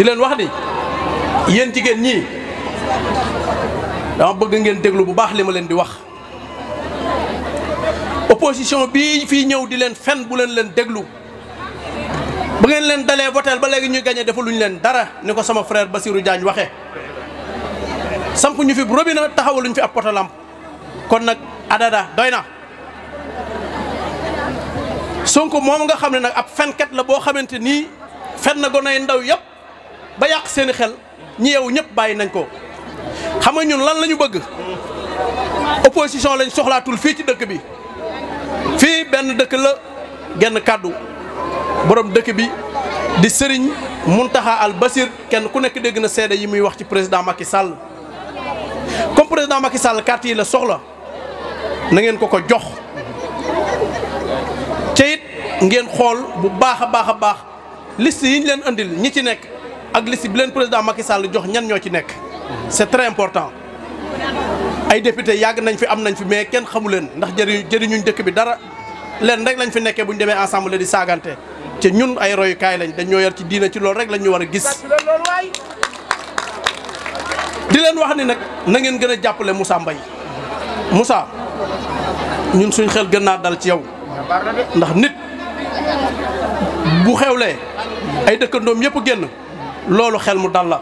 di leen wax ni yéen jigéen ñii dama bëgg ngeen déglu bu baax li ma leen di wax opposition bii fii ñëw di leen fen bu leen leen déglu ba ngeen leen dalee boteel ba léegi ñuy defal defaluñ leen dara ni ko sama ba Basirou jaañ waxe samp ñu fi bu robinet taxawaluñ fi ab poto lamp kon nag adada doy na Sonko moom nga xam ne nag ab fenkat la boo xamante nii fen na gonay ndaw yëpp ba yàq seeni xel ñi yow ñëpp bàyyi nañ ko xam nga ñun lan la ñu bëgg opposition lañ soxlaatul fii ci dëkk bi fii benn dëkk la genn kàddu borom dëkk bi di sëriñ Muntaxa al Basir kenn ku nekk dégg na seede yi muy wax ci président Macky sàll comme président Macky Sall carte yi la soxla na ngeen ko ko jox te it ngeen xool bu baax a baax a baax liste yi ñu leen andil ñi ci nekk ak liste bi leen président Macky Sall jox ñan ñoo ci nekk. c'est très important ay député yàgg nañ fi am nañ fi mais kenn xamu leen ndax jëriñ jëriñuñ dëkk bi dara leen rek lañ fi nekkee bu ñu demee ensemble di saagante ci ñun ay royukaay lañ dañ ñoo yar ci diina ci loolu rek lañ ñu war a gis. di leen wax ni nag nangeen ngeen gën a jàppale Moussa Mbaye Moussa ñun suñ xel gën naa dal ci yow ndax nit bu xewlee ay dëkkandoom yëpp génn. loolu xel mu dal la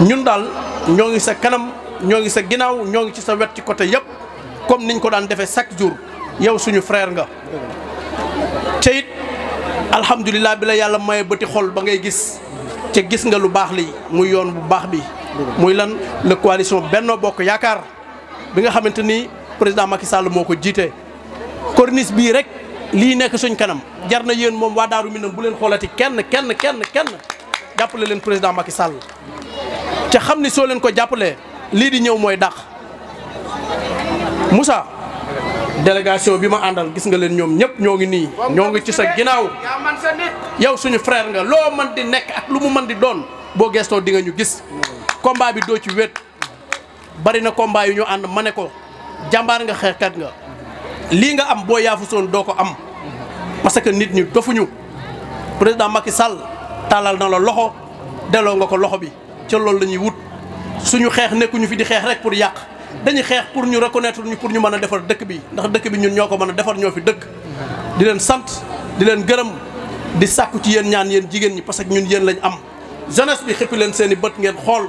ñun daal ñoo ngi sa kanam ñoo ngi sa ginnaaw ñoo ngi ci sa wet ci côté yëpp comme niñ ko daan defee chaque jour yow suñu frère nga te it bi la yàlla maye bëti xol ba ngay gis te gis nga lu baax li muy yoon bu baax bi muy lan la coalition Benno Bokk Yaakaar bi nga xamante ni président Macky Sall moo ko jiite corniche bii rek lii nekk suñ kanam jar na yéen moom waa Daaru Minam bu leen xoolati kenn kenn kenn kenn jàppale leen président Macky Sall ci xam ni soo leen ko jàppalee lii di ñëw mooy dàq Moussa délégation bi ma àndal gis nga leen ñoom ñëpp ñoo ngi nii ñoo ngi ci sa ginnaaw yow suñu frère nga loo man di nekk ak lu mu mën di doon boo gestoo di nga ñu gis combat bi doo ci wét bari na combat yu ñu ànd ma ne ko jàmbaar nga xeexkat nga lii nga am boo yaafu doo ko am parce que nit ñi dofuñu président Macky Sall tàllal na la loxo delloo nga ko loxo bi ca loolu la ñuy wut suñu xeex nekkuñu fi di xeex rek pour yàq dañuy xeex pour ñu reconnaître ñu pour ñu mën a defar dëkk bi ndax dëkk bi ñun ñoo ko mën a defar ñoo fi dëkk di leen sant di leen gërëm di sàkku ci yéen ñaan yéen jigéen ñi parce que ñun yéen lañu am jeunesse bi xëppi leen seen i bët ngeen xool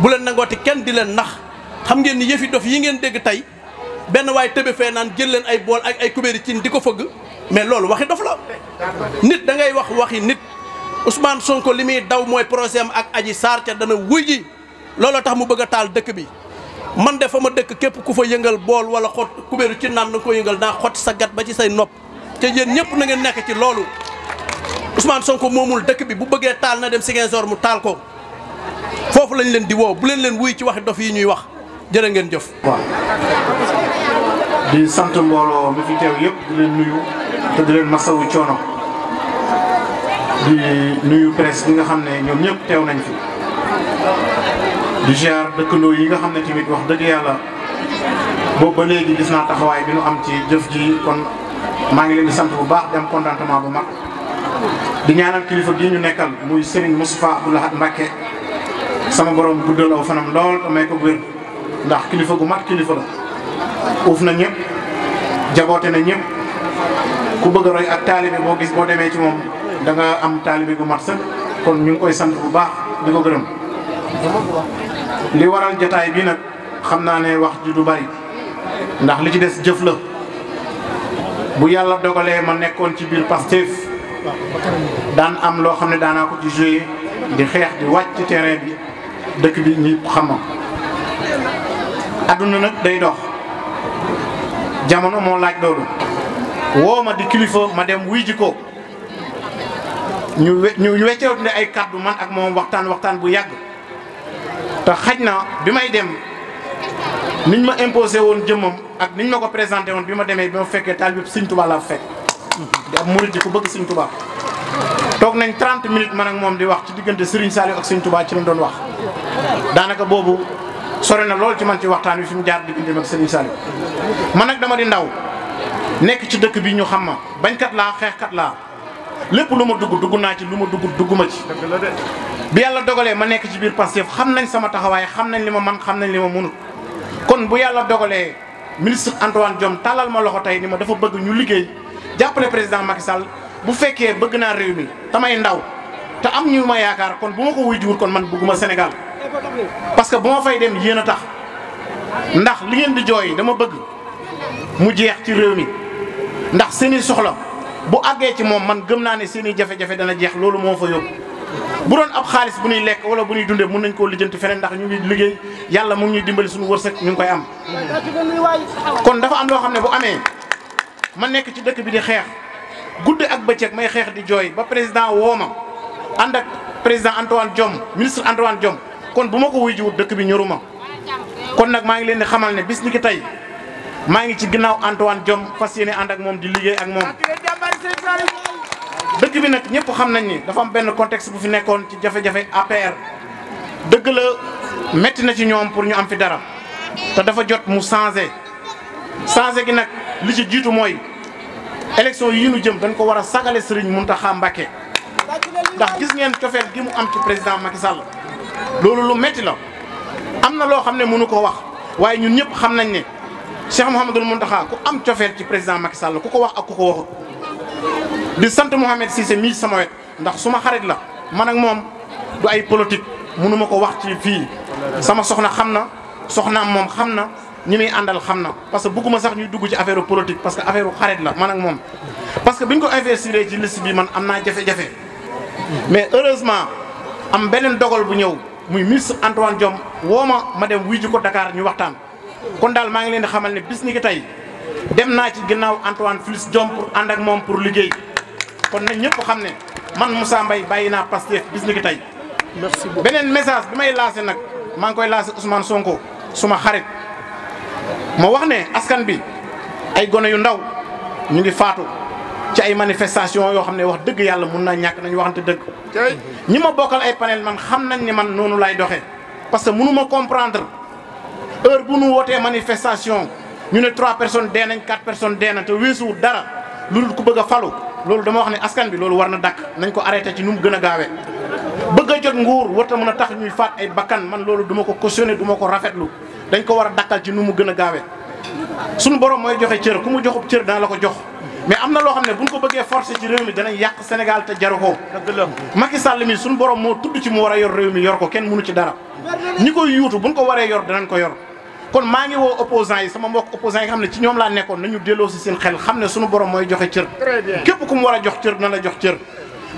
bu leen nangooti kenn di leen nax xam ngeen ni yëfi dof yi ngeen dégg tey benn waay tëbe fee naan jël leen ay bool ak ay kubéeri cin di ko fëgg mais loolu waxi dof la nit da ngay wax waxi nit Ousmane Sonko li muy daw mooy projet ak aji Sarr ca dana wuy ji looloo tax mu bëgg a taal dëkk bi man de fa ma dëkk képp ku fa yëngal bool wala xot kubéeru ci naan na koo yëngal naa xotti sa gat ba ci say nopp te yéen ñëpp nangeen nekk ci loolu Ousmane Sonko moomul dëkk bi bu bëggee taal na dem Ziguinchor mu taal ko foofu lañ leen di woo bu leen leen wuy ci waxi dof yi ñuy wax jërë ngeen jëf. waaw sant mbooloo mi fi teew yëpp du leen nuyu te di leen masawu coono. di nuyu presse yi nga xam ne ñoom ñëpp teew nañ fi di ziar dëkkandoo yi nga xam ne tamit wax dëgg yàlla boobu ba léegi gis naa taxawaay bi nu am ci jëf ji kon maa ngi leen di sant bu baax di am bu mag di ñaanal kilifa gii ñu nekkal muy Serigne Moustapha Abdou Lahad Mbacké sama borom guddal aw fanam lool te may ko wér ndax kilifa gu mat kilifa la uuf na ñëpp jaboote na ñëpp ku bëgg roy ak taalibe boo gis boo demee ci moom da nga am taalibe gu mat sëkk kon ñu ngi koy sant bu baax di ko gërëm li waral jataay bii nag xam naa ne wax ji du bari ndax li ci des jëf la bu yàlla dogalee ma nekkoon ci biir Pastef daan am loo xam ne daanaa ko ci joué di xeex di wàcc ci terrain bi dëkk bi ñëpp xam ma adduna nag day dox jamono moo laaj loolu woo ma di kilifa ma dem wuy ji ko ñu ñu wecceewante ay kàddu man ak moom waxtaan waxtaan bu yàgg te xaj na bi may dem niñ ma imposé woon jëmmam ak niñ ma ko présenté woon bi ma demee bi ma fekkee taal bi Sëñ Tuubaa laa fekk di ab murit di ko bëgg Sëñ Tuubaa toog nañ 30 minutes man ak moom di wax ci diggante Serigne Saliou ak Sëñ Tuubaa ci lañ doon wax daanaka boobu sore na loolu ci man ci waxtaan wi fi mu jaar diggante ak Serigne Saliou man nag dama di ndaw nekk ci dëkk bi ñu xam ma bañkat laa xeexkat laa lépp lu ma dugg dugg naa ci lu ma dugg dugguma ci. bi yàlla dogalee ma nekk ci biir Pastef xam nañ sama taxawaay xam nañ li ma man xam nañ li ma mënut kon bu yàlla dogalee ministre Antoine Diome tàllal ma loxo tey ni ma dafa bëgg ñu liggéey jàppale président Macky Sall bu fekkee bëgg naa réew mi tamay ndaw te am ñu ma yaakaar kon bu ma ko wuy jiwul kon man bëgguma Sénégal parce que bu ma fay dem yéen a tax ndax li ngeen di jooy dama bëgg mu jeex ci réew mi ndax seeni soxla. bu àggee ci moom man gëm naa ne seen i jafe-jafe dana jeex loolu moo fa yóbbu bu doon ab xaalis bu ñuy lekk wala bu ñuy dundee mun nañ koo lijjanti feneen ndax ñu ngi liggéey yàlla mu ngi ñuy dimbali suñu wërsëg ñu ngi koy am. kon dafa am loo xam ne bu amee ma nekk ci dëkk bi di xeex guddi ak bëccëg may xeex di jooy ba président woo ma ànd ak président Antoine Diome ministre Antoine Diome kon bu ma ko wuy jiwut dëkk bi ñoruma kon nag maa ngi leen di xamal ne bis ni ki tey maa ngi ci ginnaaw Antoine Diome fas yéene ànd moom di liggéey ak moom. dëkk bi nag ñëpp xam nañ ni dafa am benn contexte bu fi nekkoon ci jafe-jafe APR dëgg la metti na ci ñoom pour ñu am fi dara te dafa jot mu changé changé gi nag li ci jiitu mooy élection yi ñu jëm dañ ko war a sagale Serigne Mountakha Mbacké ndax gis ngeen cofeel gi mu am ci président Macky Sall loolu lu métti la am na loo xam ne munu ko wax waaye ñun ñëpp xam nañ ni xam ne Cheikh Mouhamadul Mountakha ku am cofeel ci président Macky Sall ku ko wax ak ku ko waxut di sant Mouhamed Cissé mii sama ndax suma xarit la man ak moom du ay politique mënu ko wax ci fii sama soxna xam na soxnaam moom xam na ñi muy àndal xam na parce que bëgguma sax ñuy dugg ci affaire politique parce que affaire xarit la man ak moom. parce que bi ñu ko investir ci liste bii man am naa jafe-jafe mais heureusement am beneen dogal bu ñëw muy ministre Antoine Diome woo ma ma dem wuyu ji ko Dakar ñu waxtaan. kon daal maa ngi leen di xamal ne bis ni ki tey dem naa ci ginnaaw Antoine Félix Diome ànd ak moom pour liggéey. kon nag ñëpp xam ne man Moussa Mbaye bàyyi naa Pastef bis ni ki tey. merci beaucoup beneen message bi may lancé nag maa ngi koy lancé Ousmane Sonko suma xarit ma wax ne askan bi ay gone yu ndaw ñu ngi faatu ci ay manifestation yoo xam ne wax dëgg yàlla mun naa ñàkk nañu waxante dëgg. ñi ma bokkal ay panel man xam nañ ni man noonu laay doxee parce que mënu ma comprendre heure bu nu wootee manifestation ñu ne trois personnes dee nañ quatre personnes dee nañ te weesuwul dara loolu ku bëgg a falu. loolu dama wax ne askan bi loolu war na dàkk nañ ko arrêté ci nu mu gën a gaawee bëgg jot nguur warta mën a tax ñuy faat ay bakkan man loolu duma ko cautionné duma ko rafetlu dañ ko war a dàqal ci nu mu gën a gaawee suñu borom mooy joxe cër ku mu joxub cër dana la ko jox mais am na loo xam ne buñ ko bëggee forcé ci réew mi danañ yàq Sénégal te jaru ko Macky Sall mi suñu borom moo tudd ci mu war a yor réew mi yor ko kenn mënu ci dara ñi koy yuutu buñ ko waree yor danañ ko yor kon maa ngi woo opposants yi sama mbokk opposants yi xam ne ci ñoom laa nekkoon nañu delloo si seen xel xam ne suñu borom mooy joxe cër képp ku mu war a jox cër na la jox cër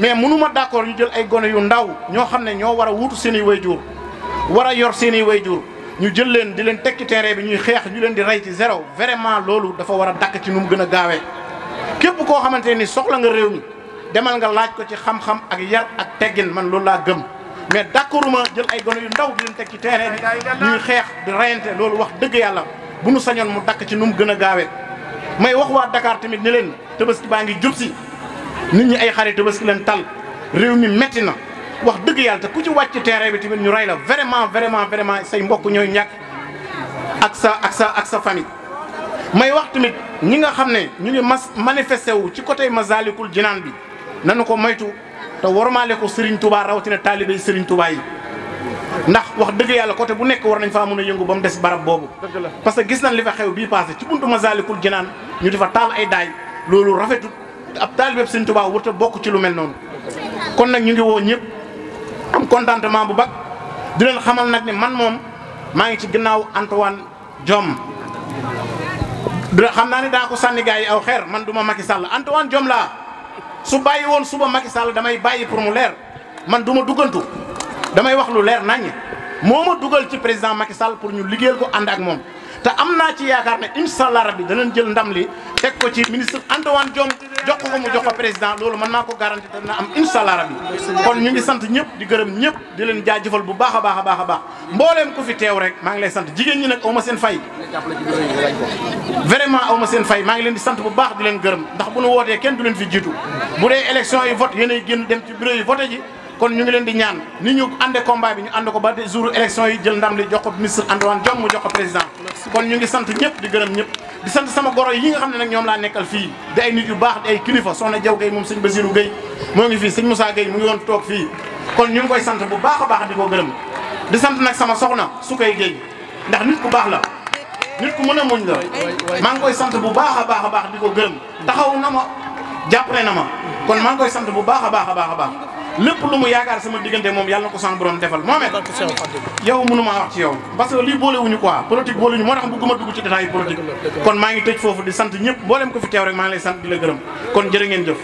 mais mënuma d'accord ñu jël ay gone yu ndaw ñoo xam ne ñoo war a wuutu seen i wayjuur war a yor seen i wayjuur ñu jël leen di leen tekki terrain bi ñuy xeex ñu leen di rey ci zéro vraiment loolu dafa war a dakk ci nu mu gën a gaawee képp koo xamante ni soxla nga réew mi demal nga laaj ko ci xam ak yar ak teggin man loolu laa gëm mais d'accorduma jël ay gone yu ndaw di leen teg ci terrain bi ñuy xeex di reyante loolu wax dëgg yàlla bu nu sañoon mu dakk ci nu mu gën a gaawee may wax waa Dakar tamit ne leen tabaski baa ngi jub si nit ñi ay xare tabaski leen tal réew mi metti na wax dëgg yàlla ku ci wàcc terrain bi tamit ñu rey la vraiment vraiment vraiment say mbokk ñooy ñàkk ak sa ak sa ak sa famille may wax tamit ñi nga xam ne ñu ngi mas manifesté wu ci côté Masalikul Jinaan bi nanu ko moytu te warmaale ko Serigne Touba rawatina taalibe yi Serigne Touba yi ndax wax dëgg yàlla côté bu nekk war nañ faa mun a yëngu ba mu des barab boobu. parce que gis nañ li fa xew bii passé ci buntu Masaalikul Jinaan ñu di fa taal ay daay loolu rafetul ab taalibe Serigne Touba wut a bokk ci lu mel noonu. kon nag ñu ngi woon ñëpp am contentement bu baax di leen xamal nag ne man moom maa ngi ci ginnaaw Antoine Diome. dina xam naa ne daa ko sànni gars yi aw xeer man du ma Macky Sall Antoine Diome laa. su bàyyi woon suba Macky Sall damay bàyyi pour mu leer man duma duggantu damay wax lu leer naññ moo ma dugal ci président Macky Sall pour ñu liggéeyal ko ànd ak moom te am naa ci yaakaar ne incha bi rabbi jël ndam li teg ko ci ministre Antoine Diome jox ko mu jox ko président loolu man naa ko garanti te dina am incha allah rabi kon ñu ngi sant ñëpp di gërëm ñëpp di leen jaajëfal bu baax a baax a baax a baax mbooleem ku fi teew rek maa ngi lay sant jigéen ñi nag aw ma seen fay vraiment aw ma seen fay maa ngi leen di sant bu baax di leen gërëm ndax bu nu wootee kenn du leen fi jiitu bu dee élection yi vote yéenay génn dem ci bureau yi vote ji kon ñu ngi leen di ñaan ni ñu ànde combat bi ñu ànd ko ba des jours élection yi jël ndam li jox ko ministre Antoine Diome mu jox ko président kon ñu ngi sant ñëpp di gërëm ñëpp di sant sama goro yi nga xam ne nag ñoom laa nekkal fii di ay nit yu baax di ay kilifa soxna Jaw Gueye moom sëñ Basirou Gueye moo ngi fii sëñ Moussa Gueye mu ngi woon toog fii kon ñu ngi koy sant bu baax a baax di ko gërëm di sant nag sama soxna Soukay Gueye ndax nit ku baax la nit ku mën a muñ la maa ngi koy sant bu baax a baax a baax di ko gërëm taxaw na ma jàppale na ma kon maa ngi sant bu baax a baax a baax a baax lépp lu mu yaakaar sama diggante moom yàlla na ko sang borom defal moo met yow mënumaa wax ci yow parce que lii boole wuñu quoi politique boole moo tax bëgguma dugg ci détail politique kon maa ngi tëj foofu di sant ñëpp mboolem ko fi teew rek maa ngi lay sant di la gërëm kon jërë ngeen jëf